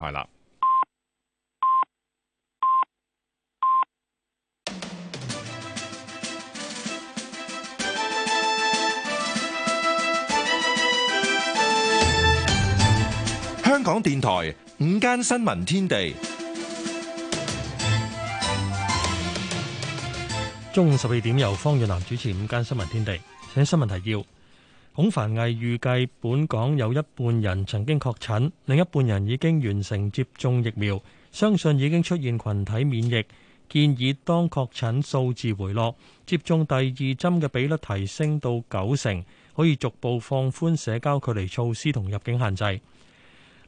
係啦！香港電台午間新聞天地，中午十二點由方遠蘭主持《午間新聞天地》，請新聞提要。孔繁毅預計本港有一半人曾經確診，另一半人已經完成接種疫苗，相信已經出現群體免疫。建議當確診數字回落，接種第二針嘅比率提升到九成，可以逐步放寬社交距離措施同入境限制。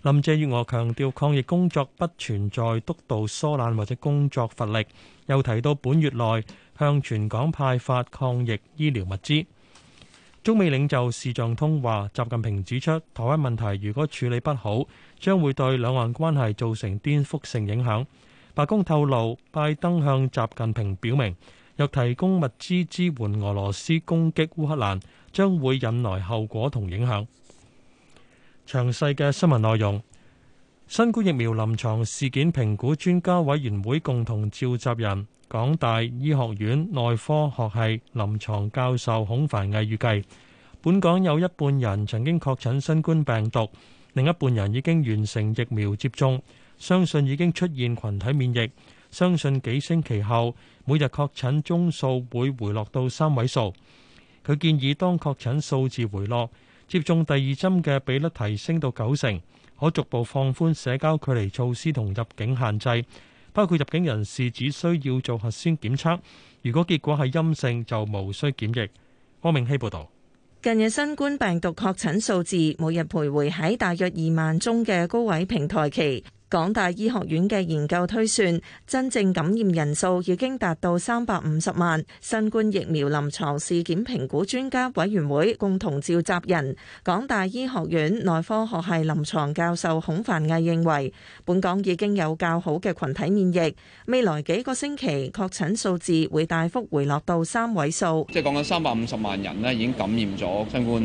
林鄭月娥強調抗疫工作不存在督導疏懶或者工作乏力，又提到本月內向全港派發抗疫醫療物資。中美領袖視像通話，習近平指出，台灣問題如果處理不好，將會對兩岸關係造成顛覆性影響。白宮透露，拜登向習近平表明，若提供物資支援俄羅斯攻擊烏克蘭，將會引來後果同影響。詳細嘅新聞內容，新冠疫苗臨牀事件評估專家委員會共同召集人。港大醫學院內科學系臨牀教授孔凡毅預計，本港有一半人曾經確診新冠病毒，另一半人已經完成疫苗接種，相信已經出現群體免疫，相信幾星期後每日確診宗數會回落到三位數。佢建議當確診數字回落，接種第二針嘅比率提升到九成，可逐步放寬社交距離措施同入境限制。包括入境人士只需要做核酸檢測，如果結果係陰性就無需檢疫。柯明希報道。近日新冠病毒確診數字每日徘徊喺大約二萬宗嘅高位平台期。港大醫學院嘅研究推算，真正感染人數已經達到三百五十萬。新冠疫苗臨床事件評估專家委員會共同召集人、港大醫學院內科學系臨床教授孔繁毅認為，本港已經有較好嘅群體免疫，未來幾個星期確診數字會大幅回落到三位數。即係講緊三百五十萬人咧，已經感染咗新冠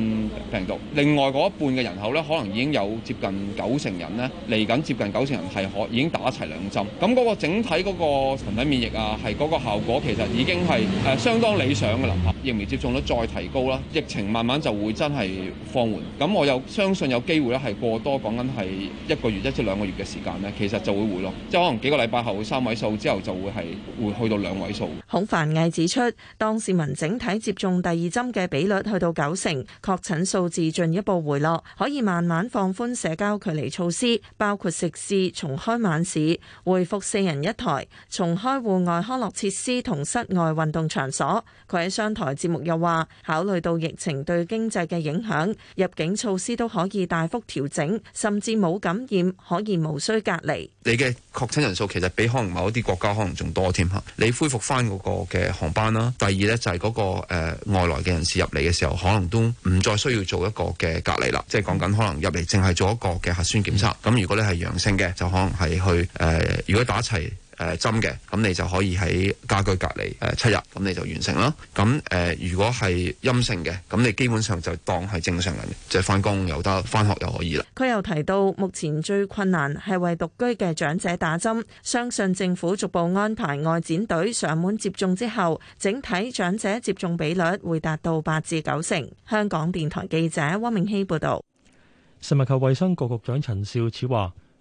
病毒。另外嗰一半嘅人口咧，可能已經有接近九成人咧，嚟緊接近九成。係可已經打齊兩針，咁、那、嗰個整體嗰個群體免疫啊，係嗰個效果其實已經係誒相當理想嘅啦。疫苗接種率再提高啦，疫情慢慢就會真係放緩，咁我又相信有機會咧，係過多講緊，係一個月一至兩個月嘅時間咧，其實就會回落，即係可能幾個禮拜後會三位數之後就會係會去到兩位數。孔繁毅指出，當市民整體接種第二針嘅比率去到九成，確診數字進一步回落，可以慢慢放寬社交距離措施，包括食肆。重開晚市，恢復四人一枱，重開戶外康樂設施同室外運動場所。佢喺商台節目又話，考慮到疫情對經濟嘅影響，入境措施都可以大幅調整，甚至冇感染可以無需隔離。你嘅確診人數其實比可能某一啲國家可能仲多添吓。你恢復返嗰個嘅航班啦。第二呢，就係嗰個誒外來嘅人士入嚟嘅時候，可能都唔再需要做一個嘅隔離啦。即係講緊可能入嚟淨係做一個嘅核酸檢測。咁、嗯、如果你係陽性嘅。就可能係去誒，如果打齊誒針嘅，咁你就可以喺家居隔離誒七日，咁你就完成啦。咁誒，如果係陰性嘅，咁你基本上就當係正常人，即係翻工又得，翻學又可以啦。佢又提到，目前最困難係為獨居嘅長者打針，相信政府逐步安排外展隊上門接種之後，整體長者接種比率會達到八至九成。香港電台記者汪明熙報道。食物及衛生局局長陳肇始話，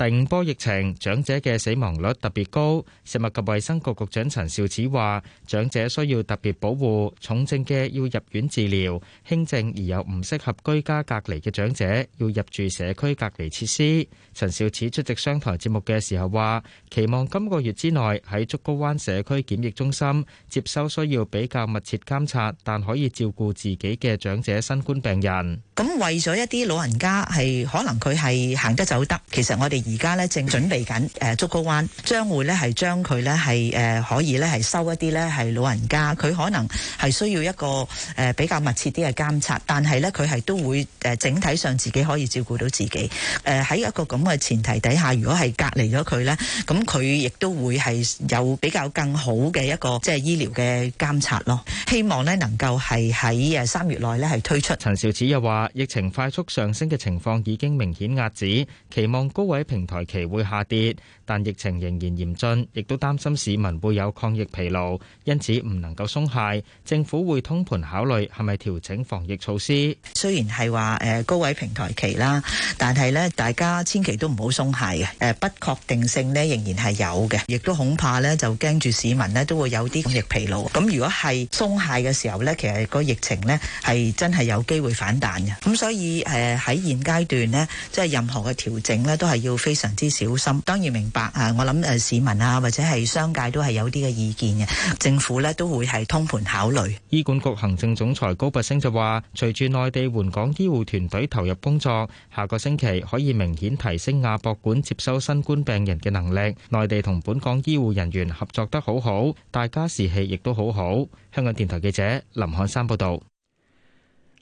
第五波疫情，長者嘅死亡率特別高。食物及衛生局局長陳肇始話：長者需要特別保護，重症嘅要入院治療，輕症而又唔適合居家隔離嘅長者要入住社區隔離設施。陳肇始出席商台節目嘅時候話：期望今個月之內喺竹篙灣社區檢疫中心接收需要比較密切監察，但可以照顧自己嘅長者新冠病人。咁為咗一啲老人家係可能佢係行得走得，其實我哋而家咧正準備緊誒竹篙灣將會咧係將佢咧係誒可以咧係收一啲咧係老人家，佢可能係需要一個誒比較密切啲嘅監察，但係咧佢係都會誒整體上自己可以照顧到自己。誒喺一個咁嘅前提底下，如果係隔離咗佢咧，咁佢亦都會係有比較更好嘅一個即係醫療嘅監察咯。希望咧能夠係喺誒三月內咧係推出。陳肇始又話。疫情快速上升嘅情況已經明顯壓止，期望高位平台期會下跌，但疫情仍然嚴峻，亦都擔心市民會有抗疫疲勞，因此唔能夠鬆懈。政府會通盤考慮係咪調整防疫措施。雖然係話誒高位平台期啦，但係咧大家千祈都唔好鬆懈嘅。誒不確定性咧仍然係有嘅，亦都恐怕咧就驚住市民咧都會有啲抗疫疲勞。咁如果係鬆懈嘅時候咧，其實個疫情咧係真係有機會反彈嘅。咁所以誒喺現階段咧，即係任何嘅調整咧，都係要非常之小心。當然明白啊，我諗誒市民啊，或者係商界都係有啲嘅意見嘅，政府咧都會係通盤考慮。醫管局行政總裁高拔昇就話，隨住內地援港醫護團隊投入工作，下個星期可以明顯提升亞博館接收新冠病人嘅能力。內地同本港醫護人員合作得好好，大家士氣亦都好好。香港電台記者林漢山報道。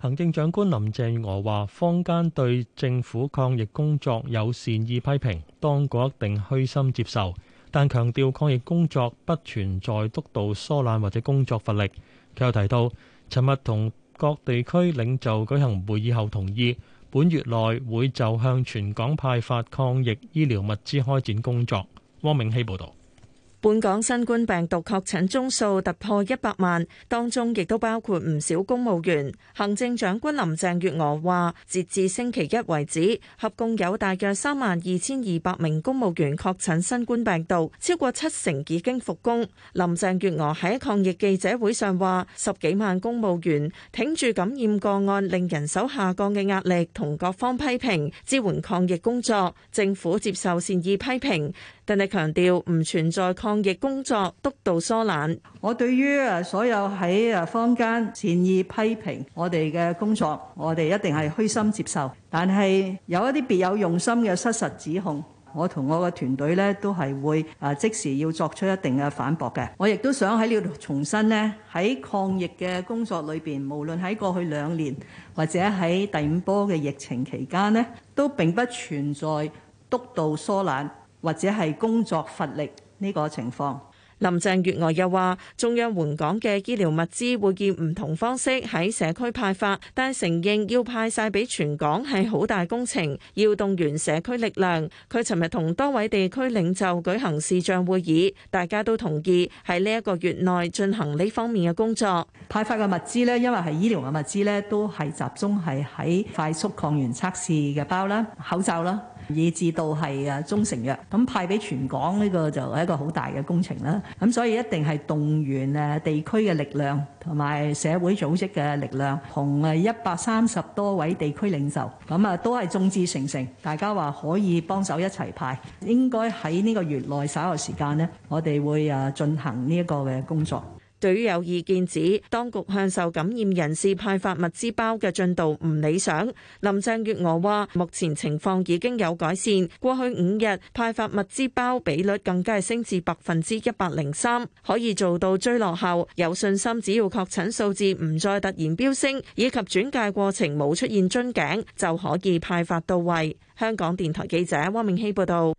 行政長官林鄭月娥話，坊間對政府抗疫工作有善意批評，當局一定虛心接受，但強調抗疫工作不存在督導疏懶或者工作乏力。佢又提到，尋日同各地區領袖舉行會議後，同意本月內會就向全港派發抗疫醫療物資開展工作。汪明熙報導。本港新冠病毒確診宗數突破一百萬，當中亦都包括唔少公務員。行政長官林鄭月娥話：截至星期一為止，合共有大約三萬二千二百名公務員確診新冠病毒，超過七成已經復工。林鄭月娥喺抗疫記者會上話：十幾萬公務員挺住感染個案令人手下降嘅壓力，同各方批評，支援抗疫工作，政府接受善意批評。佢哋強調唔存在抗疫工作督導疏懶。我對於啊所有喺啊坊間善意批評我哋嘅工作，我哋一定係虛心接受。但係有一啲別有用心嘅失實指控，我同我嘅團隊咧都係會啊即時要作出一定嘅反駁嘅。我亦都想喺呢度重申呢，喺抗疫嘅工作裏邊，無論喺過去兩年或者喺第五波嘅疫情期間呢，都並不存在督導疏懶。或者係工作乏力呢個情況，林鄭月娥又話：中央援港嘅醫療物資會以唔同方式喺社區派發，但承認要派晒俾全港係好大工程，要動員社區力量。佢尋日同多位地區領袖舉行視像會議，大家都同意喺呢一個月內進行呢方面嘅工作。派發嘅物資呢，因為係醫療嘅物資呢，都係集中係喺快速抗原測試嘅包啦、口罩啦。以至到係誒中成藥，咁派俾全港，呢個就係一個好大嘅工程啦，咁所以一定係動員誒地區嘅力量同埋社會組織嘅力量，同誒一百三十多位地區領袖，咁啊都係眾志成城，大家話可以幫手一齊派，應該喺呢個月內稍後時間咧，我哋會誒進行呢一個嘅工作。對於有意見指當局向受感染人士派發物資包嘅進度唔理想，林鄭月娥話：目前情況已經有改善，過去五日派發物資包比率更加係升至百分之一百零三，可以做到追落後，有信心只要確診數字唔再突然飆升，以及轉介過程冇出現樽頸，就可以派發到位。香港電台記者汪明希報道。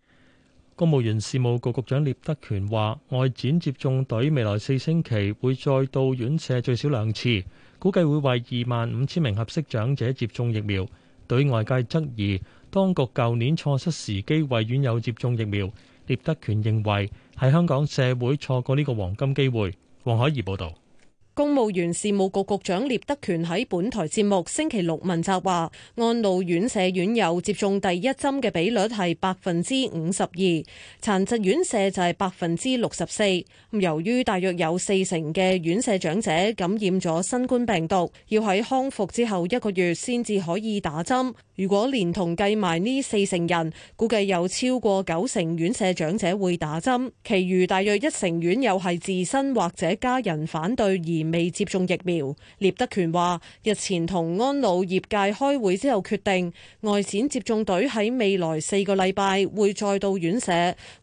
公務員事務局局長聶德權話：外展接種隊未來四星期會再到院舍最少兩次，估計會為二萬五千名合適長者接種疫苗。對外界質疑，當局舊年錯失時機為院友接種疫苗，聶德權認為係香港社會錯過呢個黃金機會。王海怡報道。公務員事務局局長聶德權喺本台節目星期六問責話，安老院舍院友接種第一針嘅比率係百分之五十二，殘疾院舍就係百分之六十四。由於大約有四成嘅院舍長者感染咗新冠病毒，要喺康復之後一個月先至可以打針。如果連同計埋呢四成人，估計有超過九成院舍長者會打針，其餘大約一成院友係自身或者家人反對而。未接種疫苗，聶德權話：日前同安老業界開會之後，決定外展接種隊喺未來四個禮拜會再到院舍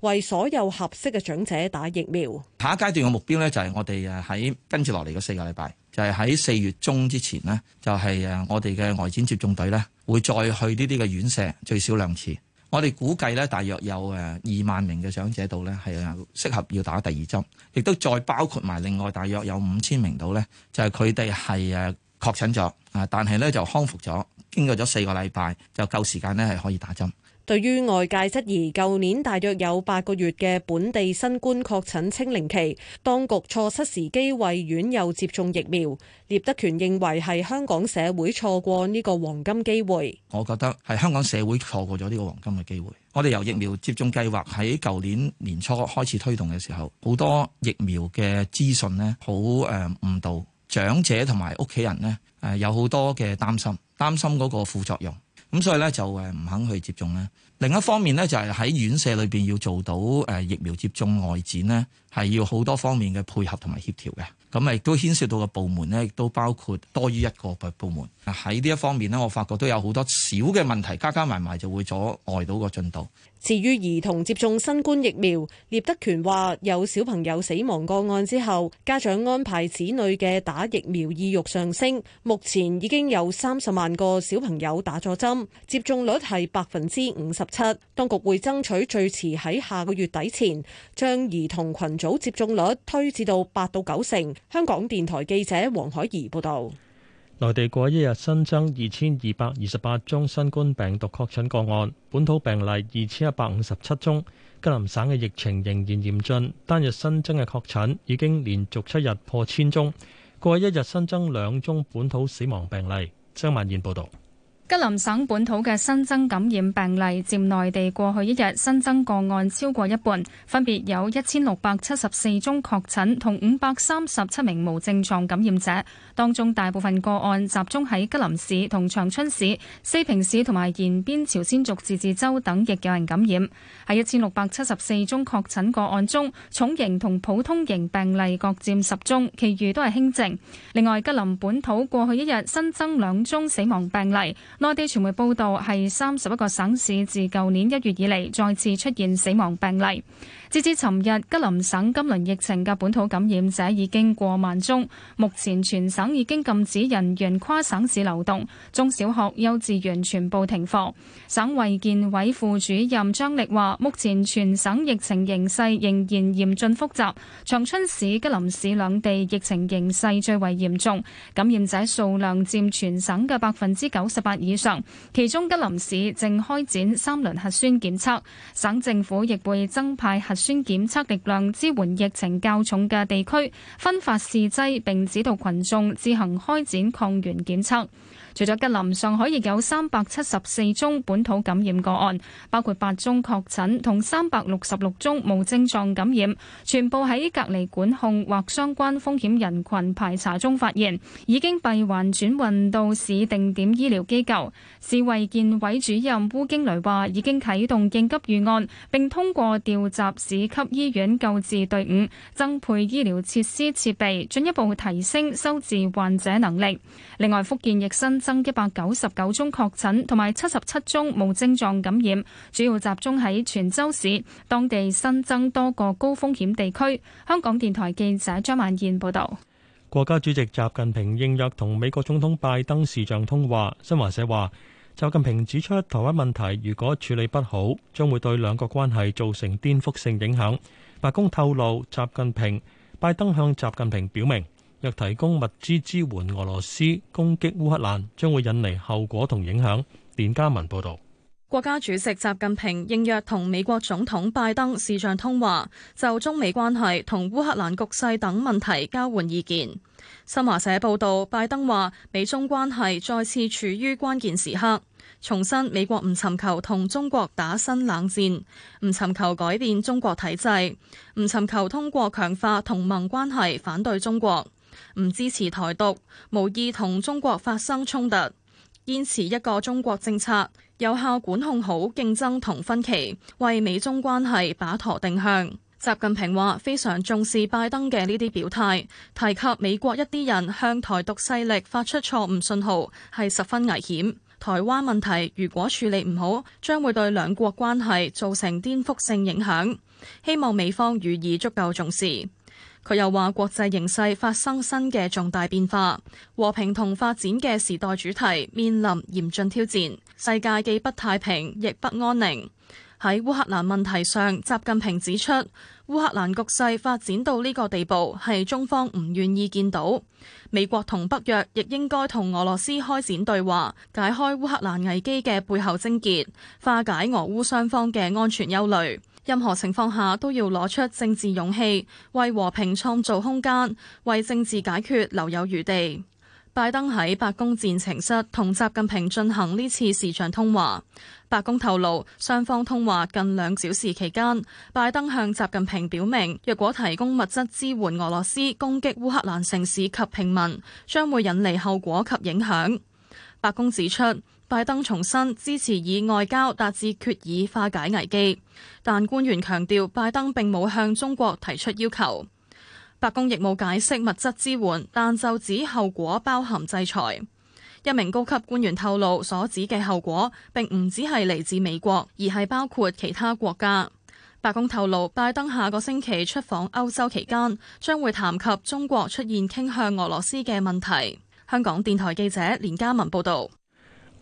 為所有合適嘅長者打疫苗。下一階段嘅目標咧，就係我哋誒喺跟住落嚟嘅四個禮拜，就係喺四月中之前咧，就係誒我哋嘅外展接種隊咧會再去呢啲嘅院舍最少兩次。我哋估計咧，大約有誒二萬名嘅長者度咧，係適合要打第二針，亦都再包括埋另外大約有五千名度咧，就係佢哋係誒確診咗，啊，但係咧就康復咗，經過咗四個禮拜就夠時間咧係可以打針。對於外界質疑舊年大約有八個月嘅本地新冠確診清零期，當局錯失時機為院友接種疫苗，聶德權認為係香港社會錯過呢個黃金機會。我覺得係香港社會錯過咗呢個黃金嘅機會。我哋由疫苗接種計劃喺舊年年初開始推動嘅時候，好多疫苗嘅資訊咧，好誒誤導長者同埋屋企人咧，誒有好多嘅擔心，擔心嗰個副作用。咁所以咧就誒唔肯去接種咧。另一方面咧就係、是、喺院舍裏邊要做到誒、呃、疫苗接種外展呢係要好多方面嘅配合同埋協調嘅。咁咪亦都牽涉到個部門呢亦都包括多於一個個部門。喺呢一方面呢，我發覺都有好多小嘅問題加加埋埋就會阻礙到個進度。至於兒童接種新冠疫苗，聶德權話有小朋友死亡個案之後，家長安排子女嘅打疫苗意欲上升。目前已經有三十萬個小朋友打咗針，接種率係百分之五十七。當局會爭取最遲喺下個月底前將兒童群組接種率推至到八到九成。香港電台記者黃海怡報導。內地過一日新增二千二百二十八宗新冠病毒確診個案，本土病例二千一百五十七宗。吉林省嘅疫情仍然嚴峻，單日新增嘅確診已經連續七日破千宗，過一日新增兩宗本土死亡病例。張萬燕報道。吉林省本土嘅新增感染病例佔內地過去一日新增個案超過一半，分別有一千六百七十四宗確診同五百三十七名無症狀感染者。當中大部分個案集中喺吉林市同長春市、四平市同埋延邊朝鮮族自治州等，亦有人感染。喺一千六百七十四宗確診個案中，重型同普通型病例各占十宗，其餘都係輕症。另外，吉林本土過去一日新增兩宗死亡病例。內地傳媒報道係三十一個省市自舊年一月以嚟再次出現死亡病例。截至尋日，吉林省今輪疫情嘅本土感染者已經過萬宗。目前全省已經禁止人員跨省市流動，中小學、幼稚園全部停課。省衛健委副主任張力話：目前全省疫情形勢仍然嚴峻複雜，長春市、吉林市兩地疫情形勢最為嚴重，感染者數量佔全省嘅百分之九十八。以上，其中吉林市正開展三輪核酸檢測，省政府亦會增派核酸檢測力量支援疫情較重嘅地區，分發試劑並指導群眾自行開展抗原檢測。除咗吉林，上海亦有三百七十四宗本土感染個案，包括八宗確診同三百六十六宗無症狀感染，全部喺隔離管控或相關風險人群排查中發現，已經閉環轉運到市定點醫療機構，市衛健委主任鄔驚雷話：已經啟動應急預案，並通過調集市級醫院救治隊伍，增配醫療設施設備進一步提升收治患者能力。另外，福建亦新。增一百九十九宗確診，同埋七十七宗無症狀感染，主要集中喺泉州市。當地新增多個高風險地區。香港電台記者張曼燕報道。國家主席習近平應約同美國總統拜登視像通話。新華社話，習近平指出，台灣問題如果處理不好，將會對兩國關係造成顛覆性影響。白宮透露，習近平、拜登向習近平表明。若提供物資支援俄羅斯攻擊烏克蘭將會引嚟後果同影響，連家文報道。國家主席習近平應約同美國總統拜登視像通話，就中美關係同烏克蘭局勢等問題交換意見。新華社報道，拜登話美中關係再次處於關鍵時刻，重申美國唔尋求同中國打新冷戰，唔尋求改變中國體制，唔尋求通過強化同盟關係反對中國。唔支持台獨，無意同中國發生衝突，堅持一個中國政策，有效管控好競爭同分歧，為美中關係把舵定向。習近平話：非常重視拜登嘅呢啲表態，提及美國一啲人向台獨勢力發出錯誤信號，係十分危險。台灣問題如果處理唔好，將會對兩國關係造成顛覆性影響。希望美方予以足夠重視。佢又話：國際形勢發生新嘅重大變化，和平同發展嘅時代主題面臨嚴峻挑戰，世界既不太平，亦不安寧。喺烏克蘭問題上，習近平指出，烏克蘭局勢發展到呢個地步，係中方唔願意見到。美國同北約亦應該同俄羅斯開展對話，解開烏克蘭危機嘅背後症結，化解俄烏雙方嘅安全憂慮。任何情況下都要攞出政治勇氣，為和平創造空間，為政治解決留有餘地。拜登喺白宮戰情室同習近平進行呢次視像通話。白宮透露，雙方通話近兩小時期間，拜登向習近平表明，若果提供物質支援俄羅斯攻擊烏克蘭城市及平民，將會引嚟後果及影響。白宮指出。拜登重申支持以外交達至決議化解危機，但官員強調，拜登並冇向中國提出要求。白宮亦冇解釋物質支援，但就指後果包含制裁。一名高級官員透露，所指嘅後果並唔只係嚟自美國，而係包括其他國家。白宮透露，拜登下個星期出訪歐洲期間將會談及中國出現傾向俄羅斯嘅問題。香港電台記者連嘉文報道。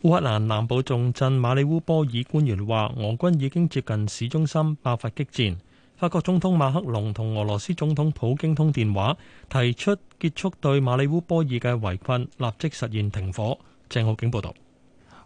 烏克蘭南部重鎮馬里烏波爾官員話，俄軍已經接近市中心，爆發激戰。法國總統馬克龍同俄羅斯總統普京通電話，提出結束對馬里烏波爾嘅圍困，立即實現停火。鄭浩景報道。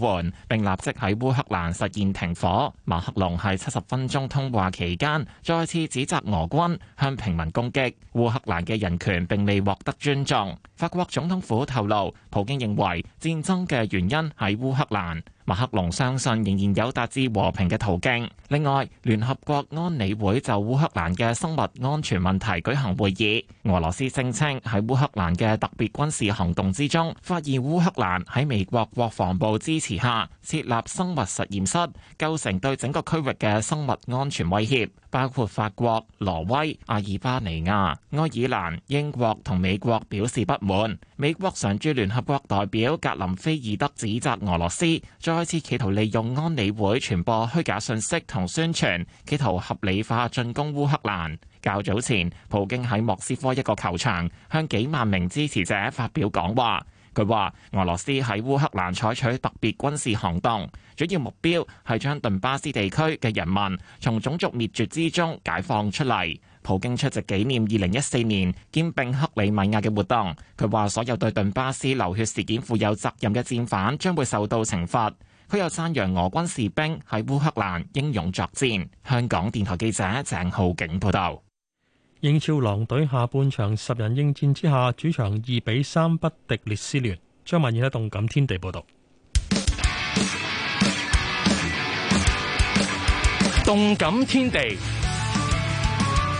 換，並立即喺烏克蘭實現停火。馬克龍喺七十分鐘通話期間，再次指責俄軍向平民攻擊，烏克蘭嘅人權並未獲得尊重。法國總統府透露，普京認為戰爭嘅原因喺烏克蘭。馬克龍相信仍然有達至和平嘅途徑，另外，聯合國安理會就烏克蘭嘅生物安全問題舉行會議，俄羅斯聲稱喺烏克蘭嘅特別軍事行動之中，發現烏克蘭喺美國國防部支持下設立生物實驗室，構成對整個區域嘅生物安全威脅。包括法國、挪威、阿爾巴尼亞、愛爾蘭、英國同美國表示不滿。美國常駐聯合國代表格林菲爾德指責俄羅斯再次企圖利用安理會傳播虛假信息同宣傳，企圖合理化進攻烏克蘭。較早前，普京喺莫斯科一個球場向幾萬名支持者發表講話。佢話：俄羅斯喺烏克蘭採取特別軍事行動，主要目標係將頓巴斯地區嘅人民從種族滅絕之中解放出嚟。普京出席紀念二零一四年兼併克里米亞嘅活動，佢話所有對頓巴斯流血事件負有責任嘅戰犯將會受到懲罰。佢又讚揚俄軍士兵喺烏克蘭英勇作戰。香港電台記者鄭浩景報道。英超狼隊下半場十人應戰之下，主場二比三不敵列斯聯。張曼燕喺動感天地報道。動感天地。報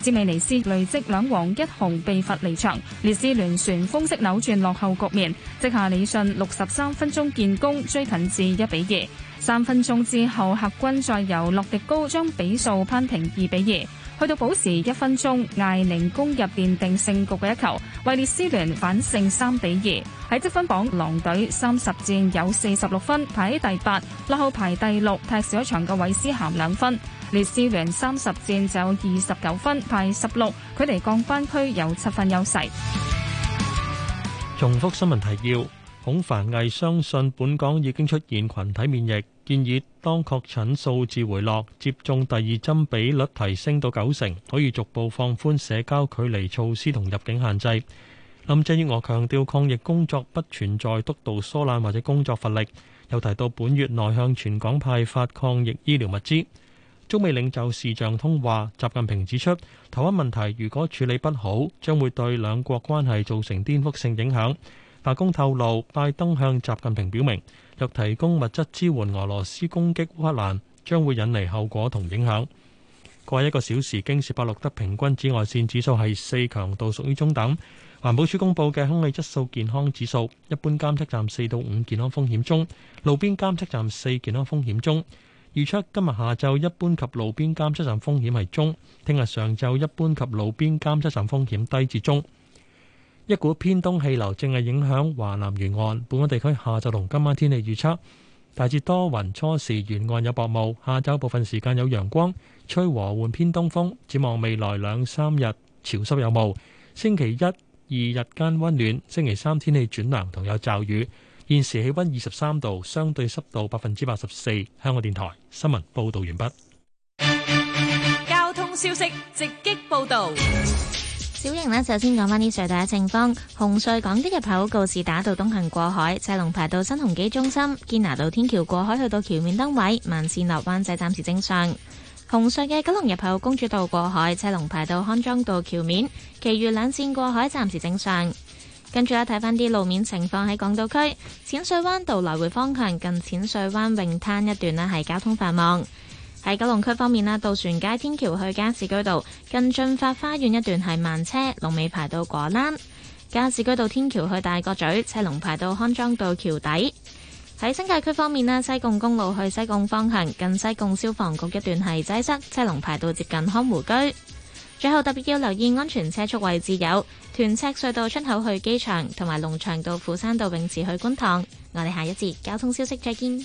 詹美尼斯累積兩黃一紅被罰離場，列斯聯旋風式扭轉落後局面，即下李信六十三分鐘建功，追近至一比二。三分鐘之後，客軍再由洛迪高將比數扳平二比二。去到補時一分鐘，艾寧攻入奠定勝局嘅一球，為列斯聯反勝三比二。喺積分榜狼狼隊，狼隊三十戰有四十六分，排喺第八；落後排第六，踢少一場嘅韋斯咸兩分。列斯聯三十戰就二十九分，排十六，距離降班區有七分優勢。重複新聞提要。孔繁毅相信本港已經出現群體免疫，建議當確診數字回落、接種第二針比率提升到九成，可以逐步放寬社交距離措施同入境限制。林鄭月娥強調抗疫工作不存在督導疏懶或者工作乏力，又提到本月內向全港派發抗疫醫療物資。中美領袖視像通話，習近平指出，台灣問題如果處理不好，將會對兩國關係造成顛覆性影響。白宮透露，拜登向習近平表明，若提供物質支援俄羅斯攻擊烏克蘭，將會引嚟後果同影響。過一個小時，京士柏錄得平均紫外線指數係四，強度屬於中等。環保署公佈嘅空氣質素健康指數，一般監測站四到五，健康風險中；路邊監測站四，健康風險中。預測今日下晝一般及路邊監測站風險係中，聽日上晝一般及路邊監測站風險低至中。一股偏東氣流正係影響華南沿岸，本港地區下晝同今晚天氣預測大致多雲，初時沿岸有薄霧，下晝部分時間有陽光，吹和緩偏東風。展望未來兩三日潮濕有霧。星期一、二日間溫暖，星期三天氣轉涼，同有驟雨。現時氣溫二十三度，相對濕度百分之八十四。香港電台新聞報道完畢。交通消息，直擊報道。小瑩呢，就先講翻啲隧道嘅情況，紅隧港珠入口告士打道東行過海，車龍排到新鴻基中心；堅拿道天橋過海去到橋面燈位，慢線落灣仔暫時正常。紅隧嘅九龍入口公主道過海，車龍排到康莊道橋面，其餘兩線過海暫時正常。跟住咧睇翻啲路面情況，喺港島區，淺水灣道來回方向近淺水灣泳灘一段呢係交通繁忙。喺九龍區方面啦，渡船街天橋去加士居道近駿發花園一段係慢車，龍尾排到果欄；加士居道天橋去大角咀，車龍排到康莊道橋底。喺新界區方面啦，西貢公路去西貢方向近西貢消防局一段係擠塞，車龍排到接近康湖居。最後特別要留意安全車速位置有屯赤隧道出口去機場，同埋龍翔道斧山道泳池去觀塘。我哋下一節交通消息再見。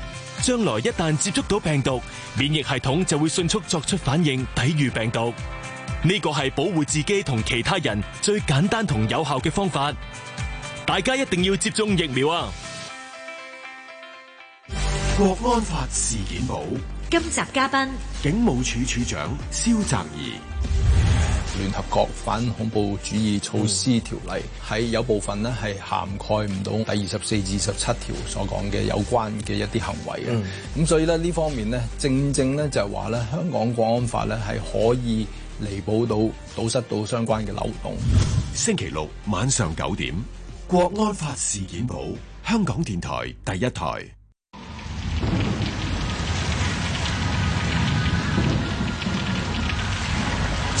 將來一旦接觸到病毒，免疫系統就會迅速作出反應，抵禦病毒。呢個係保護自己同其他人最簡單同有效嘅方法。大家一定要接種疫苗啊！國安法事件簿，今集嘉賓，警務處處長蕭澤頤。聯合國反恐怖主義措施條例係、嗯、有部分呢係涵蓋唔到第二十四至二十七條所講嘅有關嘅一啲行為嘅，咁、嗯、所以咧呢方面呢，正正咧就係話咧香港國安法咧係可以彌補到堵塞到相關嘅漏洞。星期六晚上九點，國安法事件簿，香港電台第一台。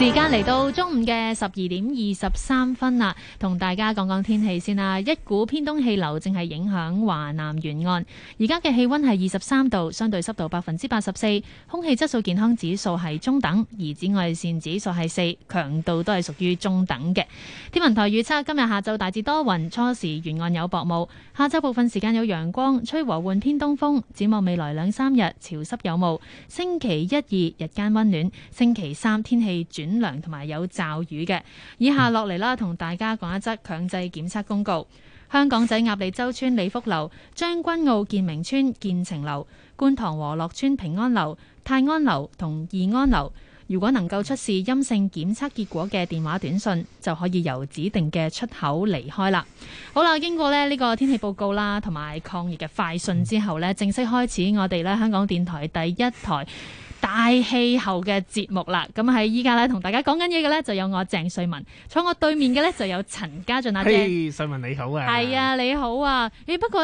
時間嚟到中午嘅十二點二十三分啦，同大家講講天氣先啦。一股偏東氣流正係影響華南沿岸，而家嘅氣溫係二十三度，相對濕度百分之八十四，空氣質素健康指數係中等，而紫外線指數係四，強度都係屬於中等嘅。天文台預測今日下晝大致多雲，初時沿岸有薄霧，下晝部分時間有陽光，吹和緩偏東風。展望未來兩三日潮濕有霧，星期一二日間温暖，星期三天氣轉雨同埋有驟雨嘅，以下落嚟啦，同大家講一則強制檢測公告：香港仔鴨脷洲村利福樓、將軍澳建明村建成樓、觀塘和樂村平安樓、泰安樓同宜安樓，如果能夠出示陰性檢測結果嘅電話短信，就可以由指定嘅出口離開啦。好啦，經過咧呢個天氣報告啦，同埋抗疫嘅快訊之後呢，正式開始我哋咧香港電台第一台，大氣候嘅節目啦，咁喺依家咧同大家講緊嘢嘅咧，就有我鄭瑞文，坐我對面嘅咧就有陳家俊阿姐。嘿，瑞文你好啊。係啊，你好啊。誒、欸、不過。